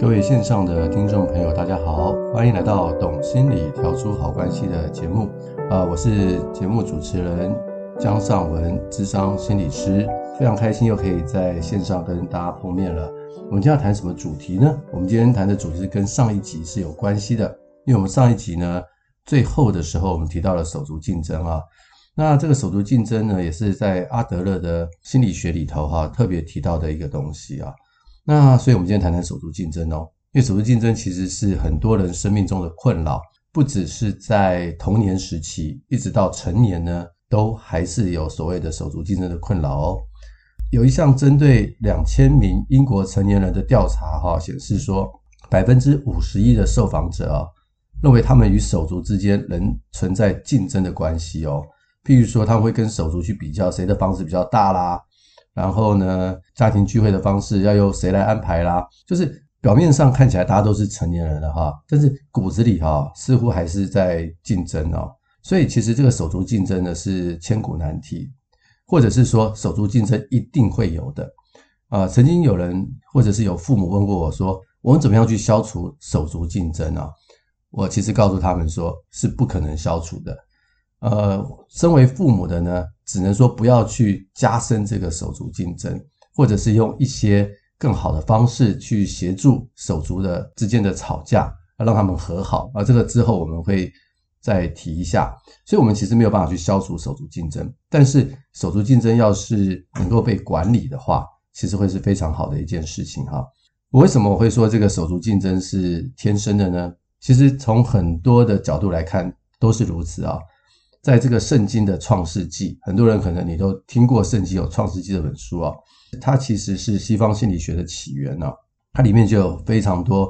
各位線上的聽眾朋友，大家好，歡迎來到《懂心理，調出好關係》的節目。啊、呃，我是節目主持人姜尚文，諮商心理師，非常開心又可以在線上跟大家碰面了。我們今天要談什麼主題呢？我們今天談的主題是跟上一集是有關係的，因為我們上一集呢最後的時候，我們提到了手足競爭啊。那這個手足競爭呢，也是在阿德勒的心理學裡頭哈、啊、特別提到的一個東西啊。那所以，我們今天談談手足競爭哦，因為手足競爭其實是很多人生命中的困擾，不只是在童年時期，一直到成年呢，都還是有所謂的手足競爭的困擾哦。有一項針對兩千名英國成年人的調查哈、哦，顯示說，百分之五十一的受訪者啊、哦，認為他們與手足之間仍存在競爭的關係哦，譬如說，他們會跟手足去比較誰的房子比較大啦。然後呢，家庭聚會的方式要由誰來安排啦？就是表面上看起來大家都是成年人了哈，但是骨子裡哈、哦、似乎還是在競爭哦。所以其實這個手足競爭呢，是千古難題，或者是說手足競爭一定會有的啊、呃。曾經有人或者是有父母問過我說，我們怎麼樣去消除手足競爭啊？我其實告訴他們說，是不可能消除的。呃，身為父母的呢。只能說不要去加深這個手足競爭，或者是用一些更好的方式去協助手足的之間的吵架，讓他們和好。啊，這個之後我們會再提一下。所以，我們其實沒有辦法去消除手足競爭，但是手足競爭要是能夠被管理的話，其實會是非常好的一件事情哈。我為什麼我會說這個手足競爭是天生的呢？其實從很多的角度來看都是如此啊。在這個聖經的創世紀，很多人可能你都聽過聖經有創世紀這本書啊，它其實是西方心理學的起源啊，它裡面就有非常多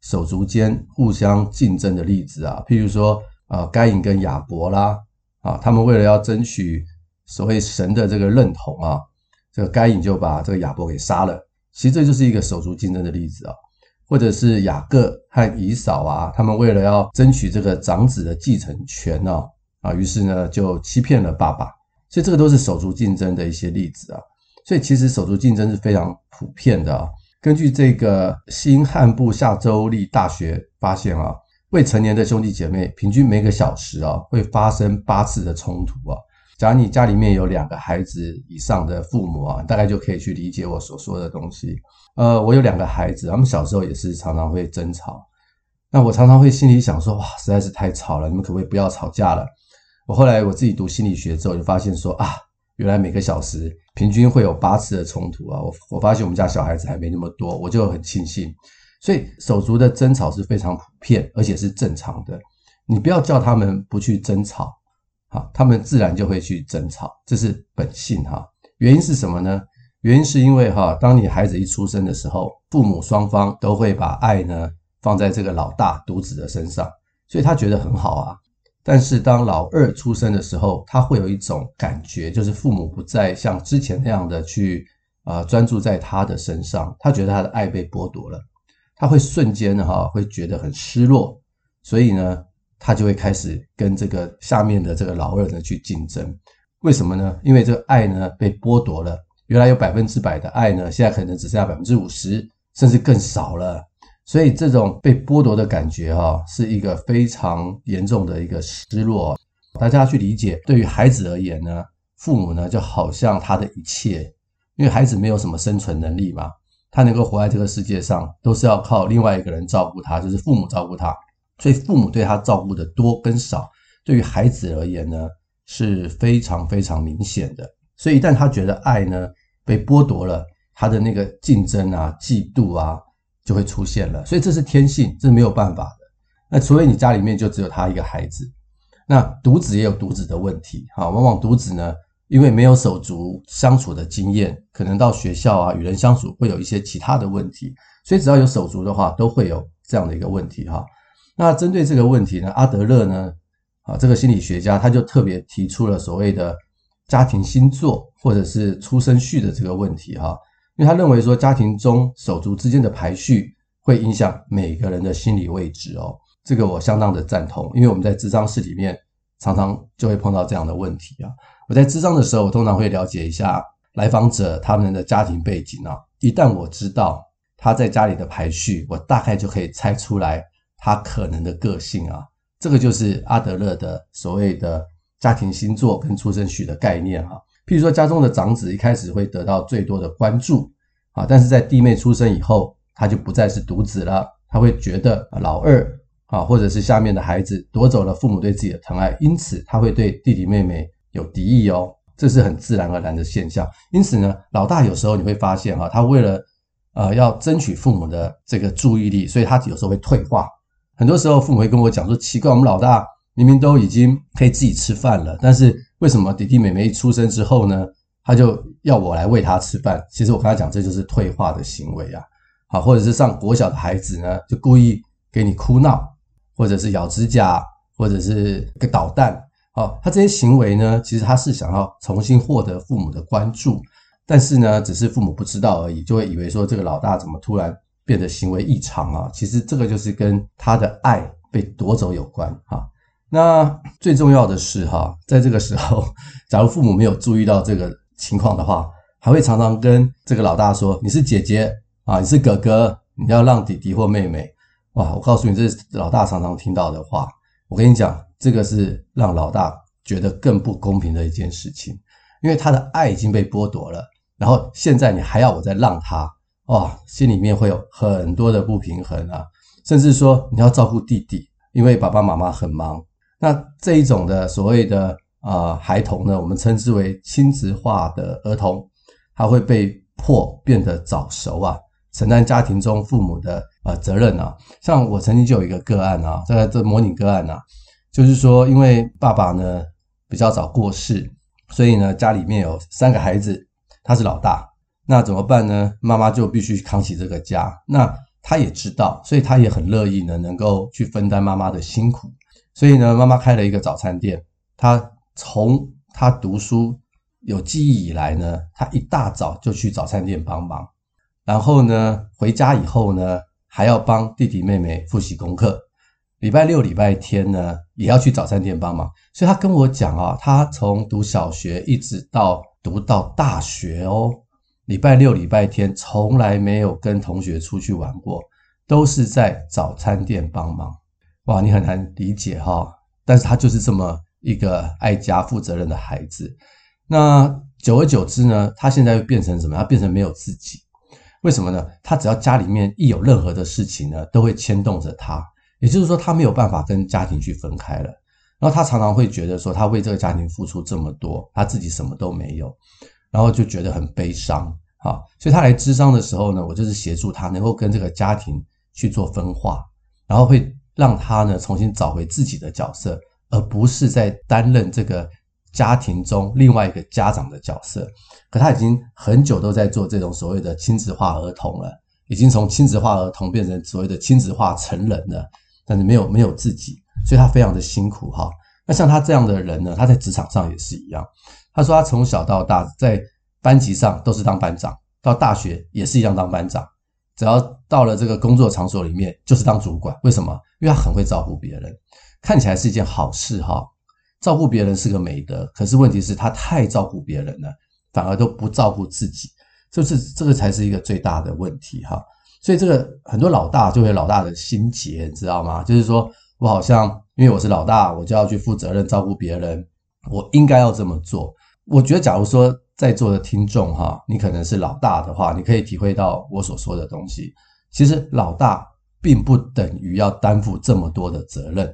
手足間互相競爭的例子啊，譬如說啊、呃，該隱跟亞伯啦，啊，他們為了要爭取所謂神的這個認同啊，這個該隱就把這個亞伯給殺了。其實這就是一個手足競爭的例子啊，或者是雅各和以掃啊，他們為了要爭取這個長子的繼承權啊。啊，於是呢就欺騙了爸爸，所以這個都是手足競爭的一些例子啊。所以其實手足競爭是非常普遍的啊。根據這個新罕布夏州立大學發現啊，未成年的兄弟姐妹平均每個小時啊會發生八次的衝突啊。假如你家裡面有兩個孩子以上的父母啊，大概就可以去理解我所說的東西。呃，我有兩個孩子，他們小時候也是常常會爭吵。那我常常會心裡想說哇，實在是太吵了，你們可不可以不要吵架了？後來我自己讀心理學之後，就發現說啊，原來每個小時平均會有八次的衝突啊。我我發現我們家小孩子還沒那麼多，我就很慶幸。所以手足的爭吵是非常普遍，而且是正常的。你不要叫他們不去爭吵，好、啊，他們自然就會去爭吵，這是本性哈、啊。原因是什麼呢？原因是因為哈、啊，當你孩子一出生的時候，父母雙方都會把愛呢放在這個老大獨子的身上，所以他覺得很好啊。但是當老二出生的時候，他會有一種感覺，就是父母不再像之前那樣的去啊、呃、專注在他的身上，他覺得他的愛被剝奪了，他會瞬間的哈會覺得很失落，所以呢，他就會開始跟這個下面的這個老二呢去競爭，為什麼呢？因為這個愛呢被剝奪了，原來有百分之百的愛呢，現在可能只剩下百分之五十，甚至更少了。所以這種被剝奪的感覺，哦，哈，是一個非常嚴重的一個失落。大家去理解，對於孩子而言呢，父母呢就好像他的一切，因為孩子沒有什麼生存能力嘛，他能夠活在這個世界上，都是要靠另外一個人照顧他，就是父母照顧他。所以父母對他照顧的多跟少，對於孩子而言呢是非常非常明顯的。所以一旦他覺得愛呢被剝奪了，他的那個競爭啊、嫉妒啊。就會出現了，所以這是天性，這是沒有辦法的。那除非你家裡面就只有他一個孩子，那獨子也有獨子的問題哈。往往獨子呢，因為沒有手足相處的經驗，可能到學校啊與人相處會有一些其他的問題。所以只要有手足的話，都會有這樣的一個問題哈。那針對這個問題呢，阿德勒呢啊這個心理學家他就特別提出了所謂的家庭星座或者是出生序的這個問題哈。因為他認為說，家庭中手足之間的排序會影響每個人的心理位置哦，這個我相當的贊同。因為我們在諮商室裡面常常就會碰到這樣的問題啊。我在諮商的時候，我通常會了解一下來訪者他們的家庭背景啊。一旦我知道他在家裡的排序，我大概就可以猜出來他可能的個性啊。這個就是阿德勒的所謂的家庭星座跟出生序的概念啊。譬如說，家中的長子一開始會得到最多的關注啊，但是在弟妹出生以後，他就不再是獨子了。他會覺得老二啊，或者是下面的孩子奪走了父母對自己的疼愛，因此他會對弟弟妹妹有敵意哦，這是很自然而然的現象。因此呢，老大有時候你會發現哈，啊，他為了呃要爭取父母的這個注意力，所以他有時候會退化。很多時候，父母會跟我講說：“奇怪，我們老大明明都已經可以自己吃飯了，但是……”為什麼弟弟妹妹一出生之後呢，他就要我來餵他吃飯？其實我跟他講，這就是退化的行為啊。好，或者是上國小的孩子呢，就故意給你哭鬧，或者是咬指甲，或者是個搗蛋。好，他這些行為呢，其實他是想要重新獲得父母的關注，但是呢，只是父母不知道而已，就會以為說這個老大怎麼突然變得行為異常啊。其實這個就是跟他的愛被奪走有關啊。那最重要的是哈，在這個時候，假如父母沒有注意到這個情況的話，還會常常跟這個老大說：“你是姐姐啊，你是哥哥，你要讓弟弟或妹妹。”哇，我告訴你，這是老大常常聽到的話。我跟你講，這個是讓老大覺得更不公平的一件事情，因為他的愛已經被剝奪了，然後現在你還要我再讓他，哇，心裡面會有很多的不平衡啊，甚至說你要照顧弟弟，因為爸爸媽媽很忙。那這一種的所謂的啊、呃、孩童呢，我們稱之為親子化的兒童，他會被迫變得早熟啊，承擔家庭中父母的啊、呃、責任啊。像我曾經就有一個個案啊，這個這模擬個案啊，就是說因為爸爸呢比較早過世，所以呢家裡面有三個孩子，他是老大，那怎麼辦呢？媽媽就必須扛起這個家，那他也知道，所以他也很樂意呢，能夠去分擔媽媽的辛苦。所以呢，媽媽開了一個早餐店。他從他讀書有記憶以來呢，他一大早就去早餐店幫忙，然後呢，回家以後呢，還要幫弟弟妹妹複習功課。禮拜六、禮拜天呢，也要去早餐店幫忙。所以他跟我講啊，他從讀小學一直到讀到大學哦，禮拜六、禮拜天從來沒有跟同學出去玩過，都是在早餐店幫忙。哇，你很難理解哈，但是他就是這麼一個愛家、負責任的孩子。那久而久之呢，他現在又變成什麼？他變成沒有自己。為什麼呢？他只要家裡面一有任何的事情呢，都會牽動着他。也就是說，他沒有辦法跟家庭去分開了。然後他常常會覺得說，他為這個家庭付出這麼多，他自己什麼都沒有，然後就覺得很悲傷啊。所以，他來諮商的時候呢，我就是協助他能夠跟這個家庭去做分化，然後會。讓他呢，重新找回自己的角色，而不是在擔任這個家庭中另外一個家長的角色。可他已經很久都在做這種所謂的親職化兒童了，已經從親職化兒童變成所謂的親職化成人了，但是沒有沒有自己，所以他非常的辛苦哈。那像他這樣的人呢，他在職場上也是一樣。他說他從小到大在班級上都是當班長，到大學也是一樣當班長。只要到了這個工作場所裡面，就是當主管。為什麼？因為他很會照顧別人，看起來是一件好事哈。照顧別人是個美德，可是問題是，他太照顧別人了，反而都不照顧自己。這是，就是這個才是一個最大的問題哈。所以這個很多老大就會有老大的心結，你知道嗎？就是說我好像因為我是老大，我就要去負責任照顧別人，我應該要這麼做。我覺得，假如說在座的聽眾哈，你可能是老大的話，你可以體會到我所說的東西。其實老大並不等於要擔負這麼多的責任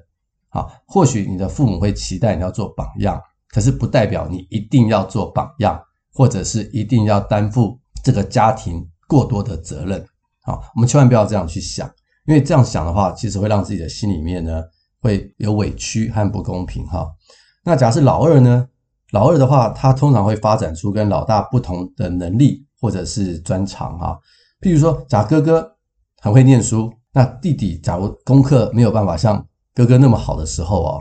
啊。或許你的父母會期待你要做榜樣，可是不代表你一定要做榜樣，或者是一定要擔負這個家庭過多的責任啊。我們千萬不要這樣去想，因為這樣想的話，其實會讓自己的心裡面呢會有委屈和不公平哈。那假如是老二呢？老二的話，他通常會發展出跟老大不同的能力或者是專長啊。譬如說，假哥哥很會唸書，那弟弟假如功課沒有辦法像哥哥那麼好的時候哦，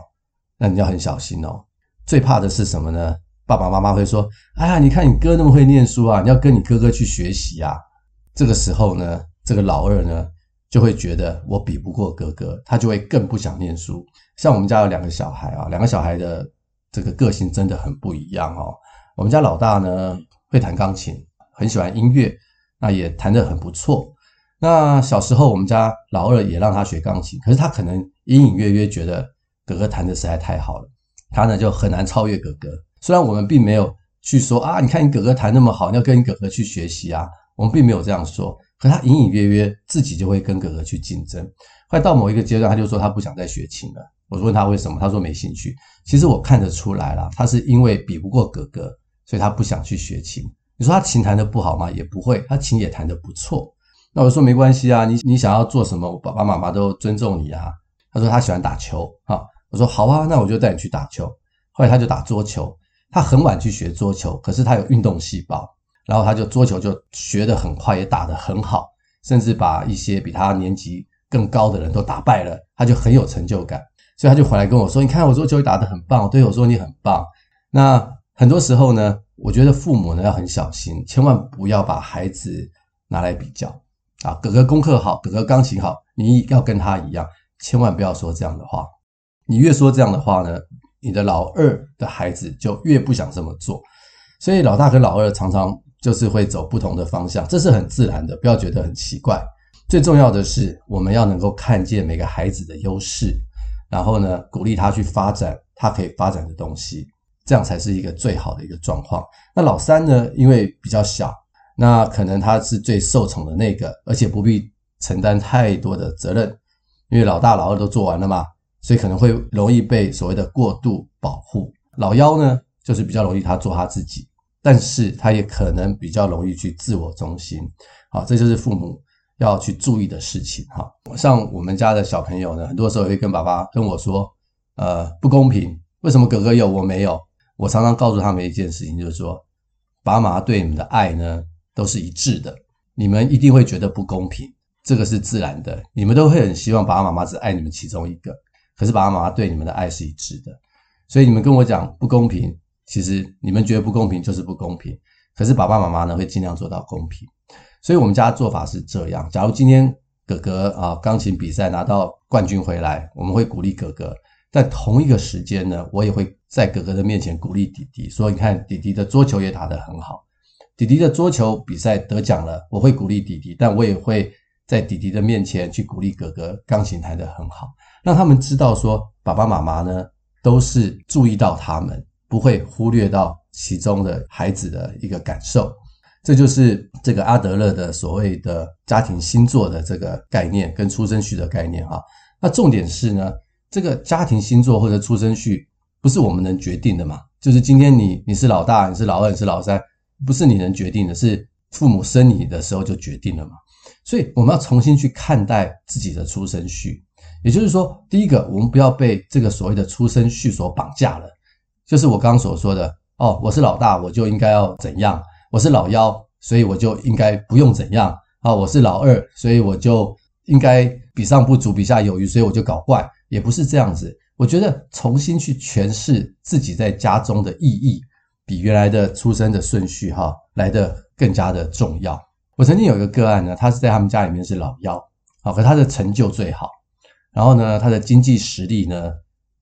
那你要很小心哦。最怕的是什麼呢？爸爸媽媽會說：“哎呀，你看你哥那麼會唸書啊，你要跟你哥哥去學習啊。”這個時候呢，這個老二呢就會覺得我比不過哥哥，他就會更不想唸書。像我們家有兩個小孩啊，兩個小孩的。這個個性真的很不一樣哦。我們家老大呢會彈鋼琴，很喜歡音樂，那也彈得很不錯。那小時候我們家老二也讓他學鋼琴，可是他可能隱隱約約覺得哥哥彈得實在太好了，他呢就很難超越哥哥。雖然我們並沒有去說啊，你看你哥哥彈那麼好，你要跟你哥哥去學習啊，我們並沒有這樣說。可他隱隱約約自己就會跟哥哥去競爭。快到某一個階段，他就說他不想再學琴了。我問他為什麼，他說沒興趣。其實我看得出來了，他是因為比不過哥哥，所以他不想去學琴。你說他琴彈得不好嗎？也不會，他琴也彈得不錯。那我說沒關係啊，你你想要做什麼，我爸爸媽媽都尊重你啊。他說他喜歡打球哈、啊，我說好啊，那我就帶你去打球。後來他就打桌球，他很晚去學桌球，可是他有運動細胞，然後他就桌球就學得很快，也打得很好，甚至把一些比他年紀更高的人都打敗了，他就很有成就感。所以他就回來跟我說：“你看，我桌球打得很棒，隊友說你很棒。那”那很多時候呢，我覺得父母呢要很小心，千萬不要把孩子拿來比較啊。哥哥功課好，哥哥鋼琴好，你要跟他一樣，千萬不要說這樣的話。你越說這樣的話呢，你的老二的孩子就越不想這麼做。所以老大跟老二常常就是會走不同的方向，這是很自然的，不要覺得很奇怪。最重要的是，我們要能夠看見每個孩子的優勢。然後呢，鼓勵他去發展他可以發展的東西，這樣才是一個最好的一個狀況。那老三呢，因為比較小，那可能他是最受寵的那個，而且不必承擔太多的責任，因為老大老二都做完了嘛，所以可能會容易被所謂的過度保護。老幺呢，就是比較容易他做他自己，但是他也可能比較容易去自我中心。好，這就是父母，要去注意的事情哈，像我們家的小朋友呢，很多時候也會跟爸爸跟我說，呃，不公平，為什麼哥哥有我沒有？我常常告訴他們一件事情，就是說，爸爸媽媽對你們的愛呢，都是一致的，你們一定會覺得不公平，這個是自然的，你們都會很希望爸爸媽媽只愛你們其中一個，可是爸爸媽媽對你們的愛是一致的，所以你們跟我講不公平，其實你們覺得不公平就是不公平，可是爸爸媽媽呢，會儘量做到公平。所以，我們家的做法是這樣，假如今天哥哥啊鋼琴比賽拿到冠軍回來，我們會鼓勵哥哥；在同一個時間呢，我也會在哥哥的面前鼓勵弟弟，說：“你看，弟弟的桌球也打得很好，弟弟的桌球比賽得獎了。”我會鼓勵弟弟，但我也會在弟弟的面前去鼓勵哥哥，鋼琴彈得很好，讓他們知道說，爸爸媽媽呢都是注意到他們，不會忽略到其中的孩子的一個感受。這就是這個阿德勒的所謂的家庭星座的這個概念，跟出生序的概念哈。那重點是呢，這個家庭星座或者出生序不是我們能決定的嘛。就是今天你你是老大，你是老二，你是老三，不是你能決定的，是父母生你的時候就決定了嘛。所以我們要重新去看待自己的出生序，也就是說，第一個，我們不要被這個所謂的出生序所綁架了。就是我剛剛所說的哦，我是老大，我就應該要怎樣。我是老幺，所以我就應該不用怎樣啊。我是老二，所以我就應該比上不足，比下有餘，所以我就搞怪。也不是這樣子。我覺得重新去詮釋自己在家中的意義，比原來的出生的順序哈來得更加的重要。我曾經有一個個案呢，他是在他們家裡面是老幺啊，可是他的成就最好，然後呢，他的經濟實力呢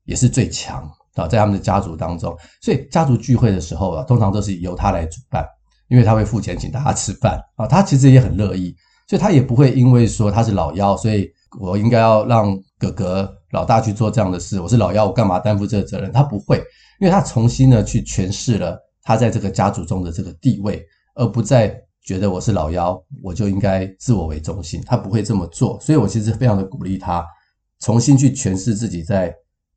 也是最強啊，在他們的家族當中，所以家族聚會的時候啊，通常都是由他來主辦。因為他會付錢請大家吃飯啊，他其實也很樂意，所以他也不會因為說他是老幺，所以我應該要讓哥哥老大去做這樣的事。我是老幺，我幹嘛擔負這個責任？他不會，因為他重新呢去詮釋了他在這個家族中的這個地位，而不再覺得我是老幺，我就應該自我為中心。他不會這麼做，所以我其實非常的鼓勵他重新去詮釋自己在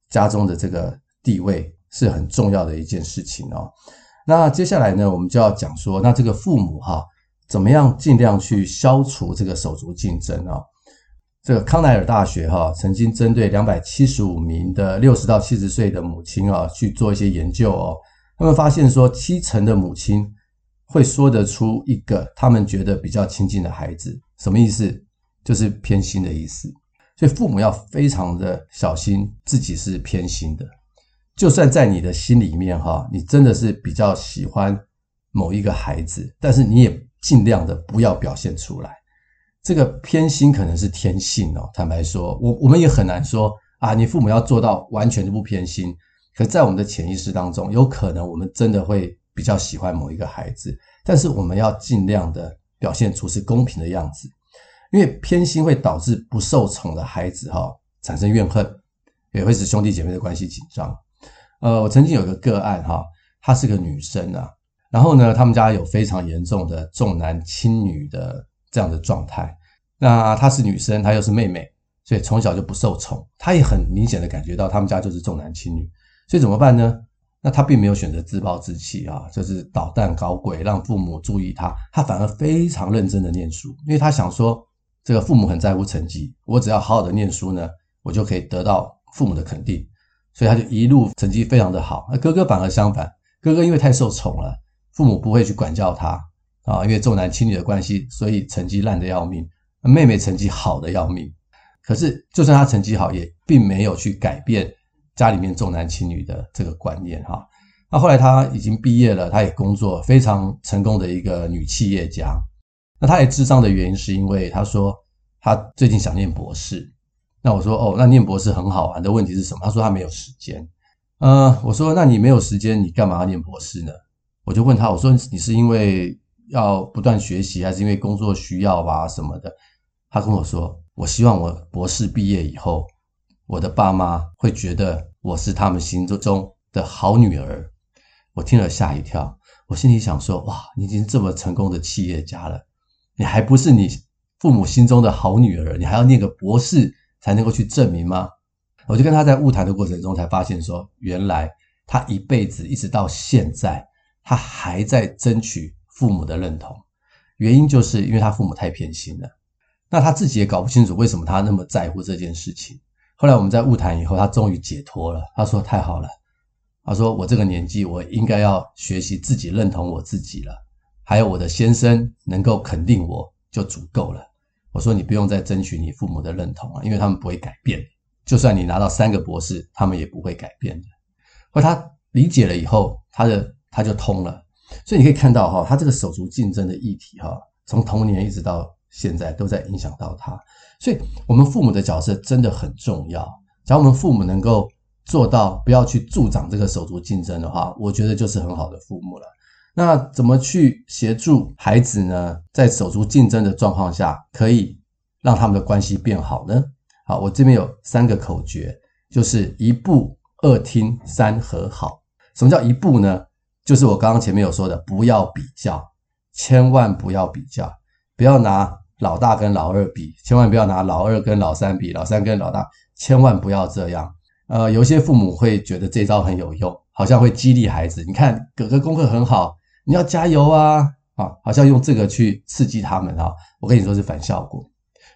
家中的這個地位是很重要的一件事情哦。那接下來呢，我們就要講說，那這個父母哈、啊，怎麼樣盡量去消除這個手足競爭啊、哦。這個康奈爾大學哈、啊，曾經針對兩百七十五名的六十到七十歲的母親啊，去做一些研究哦，他們發現說，七成的母親會說得出一個他們覺得比較親近的孩子，什麼意思？就是偏心的意思。所以父母要非常的小心，自己是偏心的。就算在你的心裡面哈，你真的是比較喜歡某一個孩子，但是你也盡量的不要表現出來。這個偏心可能是天性哦。坦白說，我我們也很難說啊，你父母要做到完全就不偏心。可在我們的潛意識當中，有可能我們真的會比較喜歡某一個孩子，但是我們要盡量的表現出是公平的樣子，因為偏心會導致不受寵的孩子哈，產生怨恨，也會使兄弟姐妹的關係緊張。呃，我曾經有一個個案哈，她是個女生啊，然後呢，他們家有非常嚴重的重男輕女的這樣的狀態。那她是女生，她又是妹妹，所以從小就不受寵。她也很明顯的感覺到他們家就是重男輕女，所以怎麼辦呢？那她並沒有選擇自暴自棄啊，就是搗蛋搞鬼，讓父母注意她，她反而非常認真的念書，因為她想說這個父母很在乎成績，我只要好好的念書呢，我就可以得到父母的肯定。所以他就一路成績非常的好，那哥哥反而相反，哥哥因為太受寵了，父母不會去管教他啊，因為重男輕女的關係，所以成績爛得要命。妹妹成績好的要命，可是就算他成績好，也並沒有去改變家裡面重男輕女的這個觀念哈。那後來他已經畢業了，他也工作非常成功的一個女企業家。那他也諮商的原因是因為他說他最近想念博士。那我說哦，那念博士很好玩的問題是什麼？他說他沒有時間。呃，我說，那你沒有時間，你幹嘛要念博士呢？我就問他，我說你是因為要不斷學習，還是因為工作需要吧什麼的？他跟我說，我希望我博士畢業以後，我的爸媽會覺得我是他們心目中的好女兒。我聽了嚇一跳，我心裡想說哇，你已經這麼成功的企業家了，你還不是你父母心中的好女兒？你還要念個博士？才能夠去證明嗎？我就跟他在晤談的過程中，才發現說，原來他一輩子一直到現在，他還在爭取父母的認同，原因就是因為他父母太偏心了。那他自己也搞不清楚為什麼他那麼在乎這件事情。後來我們在晤談以後，他終於解脫了。他說：“太好了，他說我這個年紀，我應該要學習自己認同我自己了，還有我的先生能夠肯定我就足夠了。”我說你不用再爭取你父母的認同了，因為他們不會改變，就算你拿到三個博士，他們也不會改變的。或他理解了以後，他的他就通了。所以你可以看到哈，他這個手足競爭的議題哈，從童年一直到現在都在影響到他。所以，我們父母的角色真的很重要。只要我們父母能夠做到不要去助長這個手足競爭的話，我覺得就是很好的父母了。那怎麼去協助孩子呢？在手足競爭的狀況下，可以讓他們的關係變好呢？好，我這邊有三個口訣，就是一不、二聽、三和好。什麼叫一不呢？就是我剛剛前面有說的，不要比較，千萬不要比較，不要拿老大跟老二比，千萬不要拿老二跟老三比，老三跟老大，千萬不要這樣。呃，有些父母會覺得這招很有用，好像會激勵孩子，你看，哥哥功課很好。你要加油啊！啊，好像用這個去刺激他們啊，我跟你說是反效果。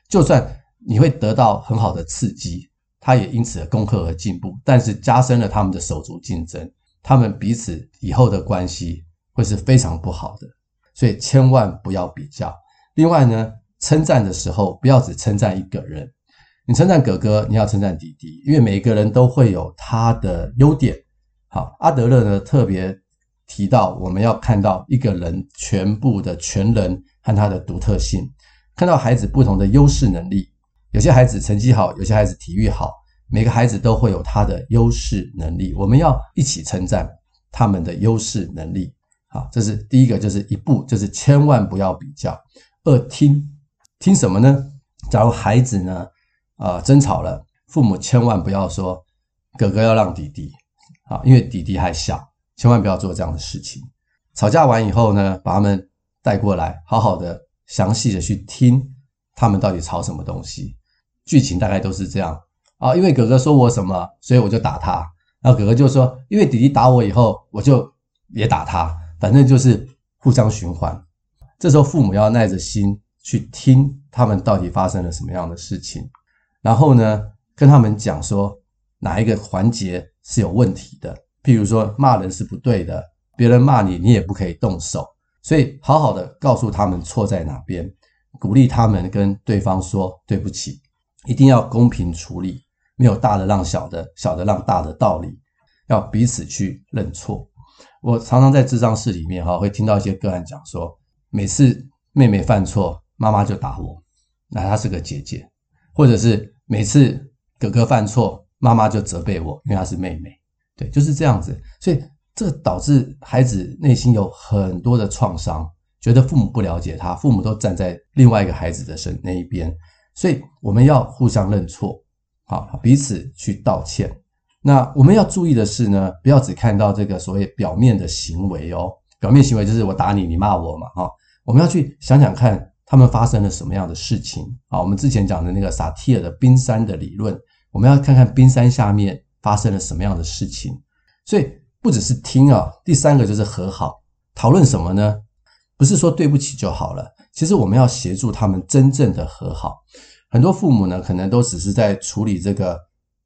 就算你會得到很好的刺激，他也因此而攻克和進步，但是加深了他們的手足競爭，他們彼此以後的關係會是非常不好的。所以千萬不要比較。另外呢，稱讚的時候不要只稱讚一個人，你稱讚哥哥，你要稱讚弟弟，因為每一個人都會有他的優點。好，阿德勒呢特別，提到我們要看到一個人全部的全人和他的獨特性，看到孩子不同的優勢能力。有些孩子成績好，有些孩子體育好，每個孩子都會有他的優勢能力。我們要一起稱讚他們的優勢能力。啊，這是第一個，就是一不，就是千萬不要比較。二聽，聽什麼呢？假如孩子呢，啊、呃，爭吵了，父母千萬不要說“哥哥要讓弟弟”，啊，因為弟弟還小。千萬不要做這樣的事情。吵架完以後呢，把他們帶過來，好好的、詳細的去聽他們到底吵什麼東西。劇情大概都是這樣啊，因為哥哥說我什麼，所以我就打他。然後哥哥就說，因為弟弟打我以後，我就也打他，反正就是互相循環。這時候父母要耐着心去聽他們到底發生了什麼樣的事情，然後呢，跟他們講說哪一個環節是有問題的。譬如說，罵人是不對的，別人罵你，你也不可以動手。所以，好好的告訴他們錯在哪邊，鼓勵他們跟對方說對不起。一定要公平處理，沒有大的讓小的，小的讓大的道理，要彼此去認錯。我常常在諮商室裡面哈，會聽到一些個案講說，每次妹妹犯錯，媽媽就打我，那她是個姐姐；或者是每次哥哥犯錯，媽媽就責備我，因為她是妹妹。就是這樣子，所以這導致孩子內心有很多的創傷，覺得父母不了解他，父母都站在另外一個孩子的身那一邊，所以我們要互相認錯，好，彼此去道歉。那我們要注意的是呢，不要只看到這個所謂表面的行為哦，表面行為就是我打你，你罵我嘛，哈。我們要去想想看，他們發生了什麼樣的事情。好，我們之前講的那個薩提爾的冰山的理論，我們要看看冰山下面。發生了什麼樣的事情？所以不只是聽啊、哦。第三個就是和好，討論什麼呢？不是說對不起就好了。其實我們要協助他們真正的和好。很多父母呢，可能都只是在處理這個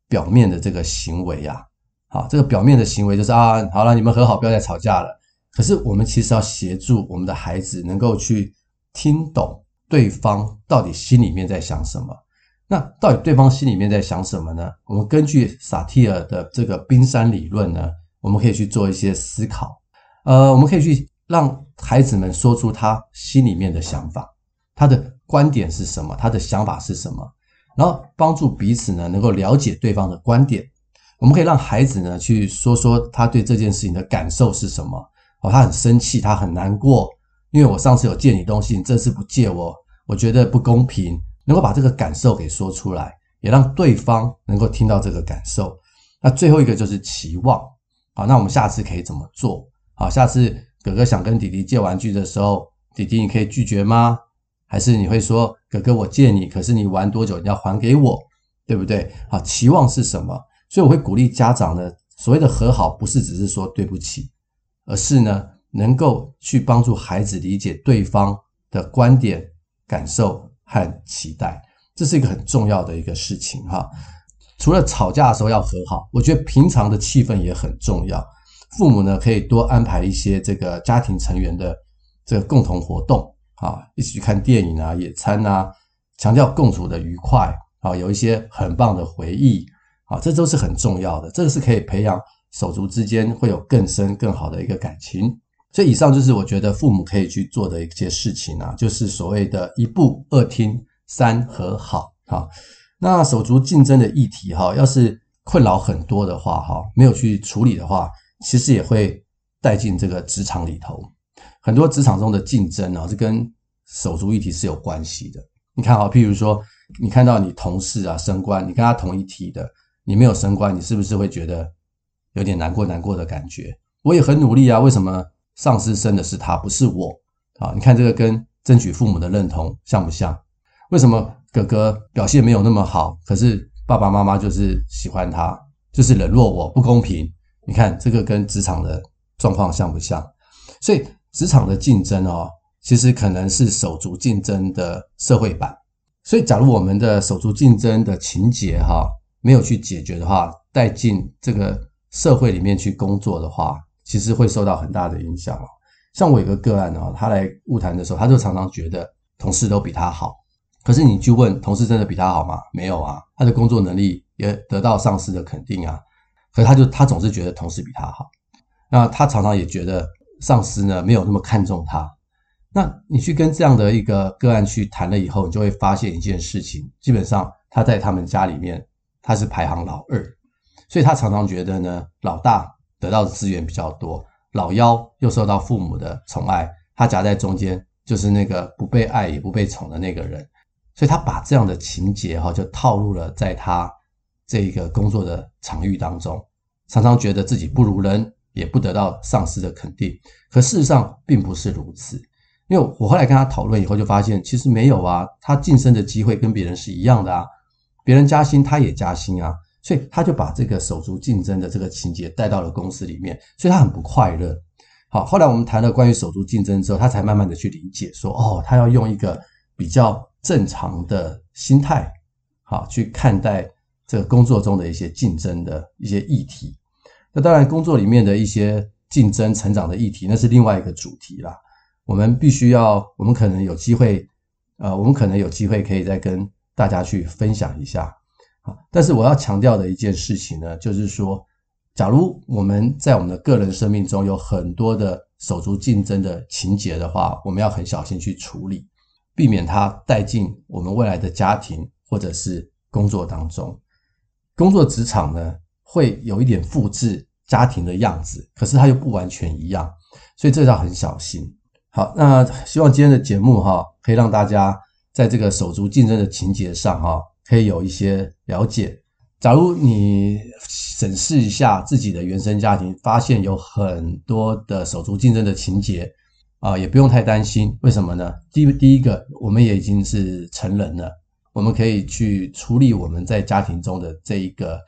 表面的這個行為啊。好，這個表面的行為就是啊，好了，你們和好，不要再吵架了。可是我們其實要協助我們的孩子，能夠去聽懂對方到底心裡面在想什麼。那到底對方心裡面在想什麼呢？我們根據薩提爾的這個冰山理論呢，我們可以去做一些思考。呃，我們可以去讓孩子們說出他心裡面的想法，他的觀點是什麼，他的想法是什麼，然後幫助彼此呢能夠了解對方的觀點。我們可以讓孩子呢去說說他對這件事情的感受是什麼。哦，他很生氣，他很難過，因為我上次有借你東西，你這次不借我，我覺得不公平。能夠把這個感受給說出來，也讓對方能夠聽到這個感受。那最後一個就是期望。好，那我們下次可以怎麼做？好，下次哥哥想跟弟弟借玩具的時候，弟弟你可以拒絕嗎？還是你會說哥哥我借你，可是你玩多久你要還給我，對不對？好，期望是什麼？所以我會鼓勵家長呢。所謂的和好，不是只是說對不起，而是呢能夠去幫助孩子理解對方的觀點、感受。和期待，這是一個很重要的一個事情哈。除了吵架的時候要和好，我覺得平常的氣氛也很重要。父母呢，可以多安排一些這個家庭成員的這個共同活動啊，一起去看電影啊、野餐啊，強調共處的愉快啊，有一些很棒的回憶啊，這都是很重要的。這個是可以培養手足之間會有更深、更好的一個感情。所以以上就是我覺得父母可以去做的一些事情啊，就是所謂的一不二聽三和好。好，那手足競爭的議題哈、啊，要是困擾很多的話哈，沒有去處理的話，其實也會帶進這個職場裡頭。很多職場中的競爭啊，是跟手足議題是有關係的。你看哈，譬如說，你看到你同事啊升官，你跟他同一體的，你沒有升官，你是不是會覺得有點難過？難過的感覺，我也很努力啊，為什麼？上司升的是他，不是我啊！你看這個跟爭取父母的認同像不像？為什麼哥哥表現沒有那麼好，可是爸爸媽媽就是喜歡他，就是冷落我，不公平？你看這個跟職場的狀況像不像？所以職場的競爭哦，其實可能是手足競爭的社會版。所以，假如我們的手足競爭的情節哈，哦，沒有去解決的話，帶進這個社會裡面去工作的話。其實會受到很大的影響哦。像我有一個個案哦，他來晤談的時候，他就常常覺得同事都比他好。可是你去問同事真的比他好嗎？沒有啊，他的工作能力也得到上司的肯定啊。可是他就他總是覺得同事比他好。那他常常也覺得上司呢沒有那麼看重他。那你去跟這樣的一個個案去談了以後，你就會發現一件事情，基本上他在他們家裡面，他是排行老二，所以他常常覺得呢老大得到的資源比較多，老幺又受到父母的寵愛，他夾在中間，就是那個不被愛也不被寵的那個人，所以他把這樣的情節哈就套入了在他這個工作的場域當中，常常覺得自己不如人，也不得到上司的肯定。可事實上並不是如此，因為我後來跟他討論以後就發現，其實沒有啊，他晉升的機會跟別人是一樣的啊，別人加薪他也加薪啊。所以他就把這個手足競爭的這個情節帶到了公司裡面，所以他很不快樂。好，後來我們談了關於手足競爭之後，他才慢慢的去理解說，哦，他要用一個比較正常的心態，好去看待這個工作中的一些競爭的一些議題。那當然，工作裡面的一些競爭成長的議題，那是另外一個主題啦。我們必須要，我們可能有機會，呃，我們可能有機會可以再跟大家去分享一下。但是我要強調的一件事情呢，就是說，假如我們在我們的個人生命中有很多的手足競爭的情節的話，我們要很小心去處理，避免它帶進我們未來的家庭或者是工作當中。工作職場呢，會有一點複製家庭的樣子，可是它又不完全一樣，所以這要很小心。好，那希望今天的節目哈，可以讓大家在這個手足競爭的情節上哈。可以有一些了解。假如你審視一下自己的原生家庭，發現有很多的手足競爭的情節，啊，也不用太擔心。為什麼呢？第第一個，我們也已經是成人了，我們可以去處理我們在家庭中的這一個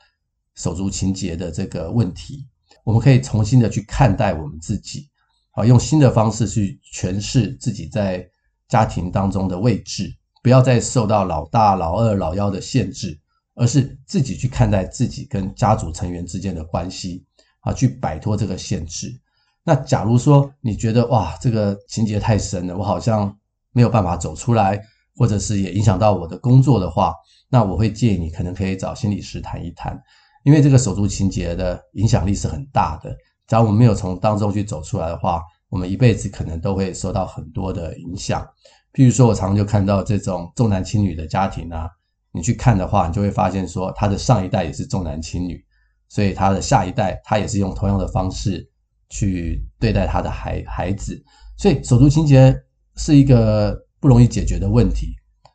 手足情節的這個問題。我們可以重新的去看待我們自己，啊，用新的方式去詮釋自己在家庭當中的位置。不要再受到老大、老二、老幺的限制，而是自己去看待自己跟家族成員之間的關係啊，去擺脫這個限制。那假如說你覺得哇，這個情節太深了，我好像沒有辦法走出來，或者是也影響到我的工作的話，那我會建議你可能可以找心理師談一談，因為這個手足情節的影響力是很大的。只要我們沒有從當中去走出來的話，我們一輩子可能都會受到很多的影響。譬如說，我常常就看到這種重男輕女的家庭啊，你去看的話，你就會發現說，他的上一代也是重男輕女，所以他的下一代他也是用同樣的方式去對待他的孩孩子，所以手足情結是一個不容易解決的問題。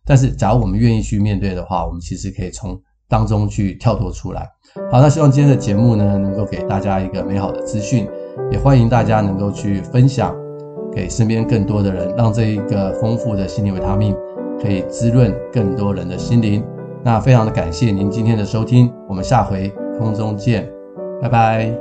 但是，假如我們願意去面對的話，我們其實可以從當中去跳脫出來。好，那希望今天的節目呢，能夠給大家一個美好的資訊，也歡迎大家能夠去分享，給身邊更多的人，讓這一個豐富的心靈維他命可以滋潤更多人的心靈。那非常的感謝您今天的收聽，我們下回空中見，拜拜。